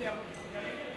Yeah.